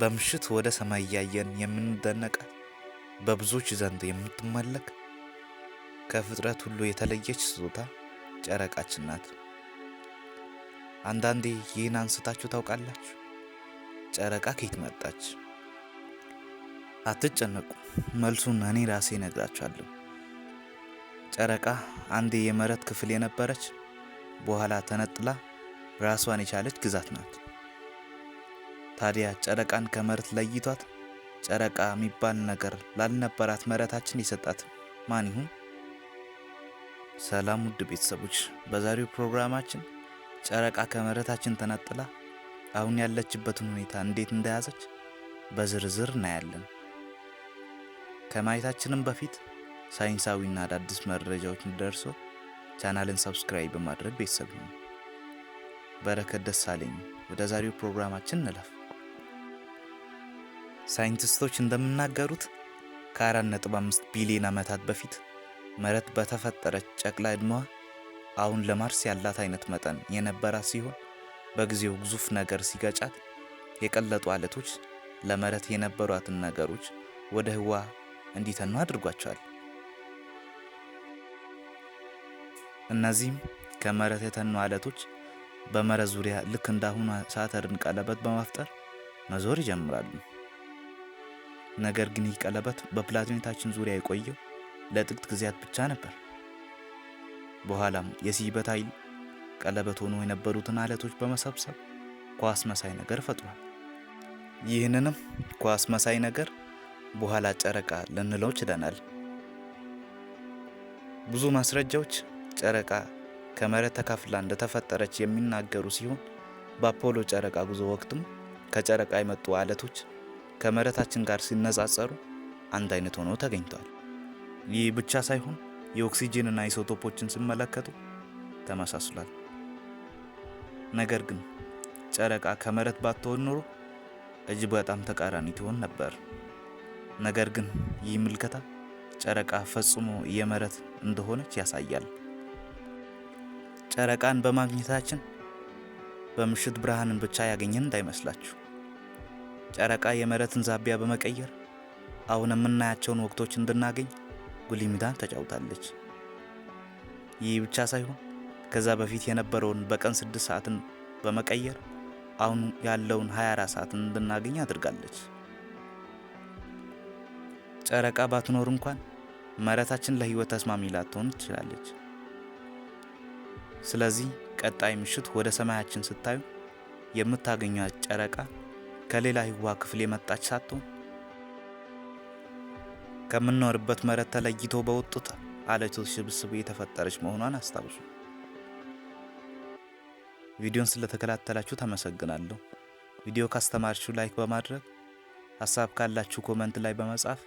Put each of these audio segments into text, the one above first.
በምሽት ወደ ሰማይ እያየን የምንደነቀ በብዙዎች ዘንድ የምትመለክ ከፍጥረት ሁሉ የተለየች ስጦታ ጨረቃችን ናት። አንዳንዴ ይህን አንስታችሁ ታውቃላችሁ? ጨረቃ ከየት መጣች? አትጨነቁ፣ መልሱን እኔ ራሴ እነግራችኋለሁ። ጨረቃ አንዴ የመሬት ክፍል የነበረች በኋላ ተነጥላ ራሷን የቻለች ግዛት ናት። ታዲያ ጨረቃን ከመሬት ለይቷት ጨረቃ የሚባል ነገር ላልነበራት መሬታችን የሰጣት ማን ይሁን? ሰላም ውድ ቤተሰቦች፣ በዛሬው ፕሮግራማችን ጨረቃ ከመሬታችን ተነጥላ አሁን ያለችበትን ሁኔታ እንዴት እንደያዘች በዝርዝር እናያለን። ከማየታችንም በፊት ሳይንሳዊና አዳዲስ መረጃዎች ደርሶ ቻናልን ሰብስክራይብ በማድረግ ቤተሰብ ነው። በረከት ደሳለኝ ወደ ዛሬው ፕሮግራማችን እንለፍ። ሳይንቲስቶች እንደሚናገሩት ከ4.5 ቢሊዮን ዓመታት በፊት መሬት በተፈጠረች ጨቅላ ዕድሜዋ አሁን ለማርስ ያላት አይነት መጠን የነበራ ሲሆን በጊዜው ግዙፍ ነገር ሲገጫት የቀለጡ አለቶች ለመሬት የነበሯትን ነገሮች ወደ ህዋ እንዲተኑ አድርጓቸዋል። እነዚህም ከመሬት የተኑ አለቶች በመሬት ዙሪያ ልክ እንዳሁኑ ሳተርን ቀለበት በማፍጠር መዞር ይጀምራሉ። ነገር ግን ይህ ቀለበት በፕላኔታችን ዙሪያ የቆየው ለጥቂት ጊዜያት ብቻ ነበር። በኋላም የሲበት ኃይል ቀለበት ሆኖ የነበሩትን አለቶች በመሰብሰብ ኳስ መሳይ ነገር ፈጥሯል። ይህንንም ኳስ መሳይ ነገር በኋላ ጨረቃ ልንለው ችለናል። ብዙ ማስረጃዎች ጨረቃ ከመሬት ተካፍላ እንደተፈጠረች የሚናገሩ ሲሆን በአፖሎ ጨረቃ ጉዞ ወቅትም ከጨረቃ የመጡ አለቶች ከመሬታችን ጋር ሲነጻጸሩ አንድ አይነት ሆኖ ተገኝተዋል። ይህ ብቻ ሳይሆን የኦክሲጂንና ኢሶቶፖችን ሲመለከቱ ተመሳስሏል። ነገር ግን ጨረቃ ከመሬት ባትሆን ኖሮ እጅግ በጣም ተቃራኒ ትሆን ነበር። ነገር ግን ይህ ምልከታ ጨረቃ ፈጽሞ የመሬት እንደሆነች ያሳያል። ጨረቃን በማግኘታችን በምሽት ብርሃንን ብቻ ያገኘን እንዳይመስላችሁ። ጨረቃ የመሬትን ዛቢያ በመቀየር አሁን የምናያቸውን ወቅቶች እንድናገኝ ጉልህ ተጫውታለች። ይህ ብቻ ሳይሆን ከዛ በፊት የነበረውን በቀን ስድስት ሰዓትን በመቀየር አሁን ያለውን 24 ሰዓትን እንድናገኝ አድርጋለች። ጨረቃ ባትኖር እንኳን መሬታችን ለህይወት ተስማሚ ላትሆን ትችላለች። ስለዚህ ቀጣይ ምሽት ወደ ሰማያችን ስታዩ የምታገኟት ጨረቃ ከሌላ ህዋ ክፍል የመጣች ሳትሆን ከምንኖርበት መሬት ተለይቶ በወጡት አለቶች ስብስብ የተፈጠረች መሆኗን አስታውሱ። ቪዲዮን ስለተከታተላችሁ ተመሰግናለሁ። ቪዲዮ ካስተማርችሁ ላይክ በማድረግ ሀሳብ ካላችሁ ኮመንት ላይ በመጻፍ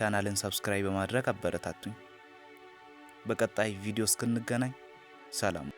ቻናልን ሰብስክራይብ በማድረግ አበረታቱኝ። በቀጣይ ቪዲዮ እስክንገናኝ ሰላም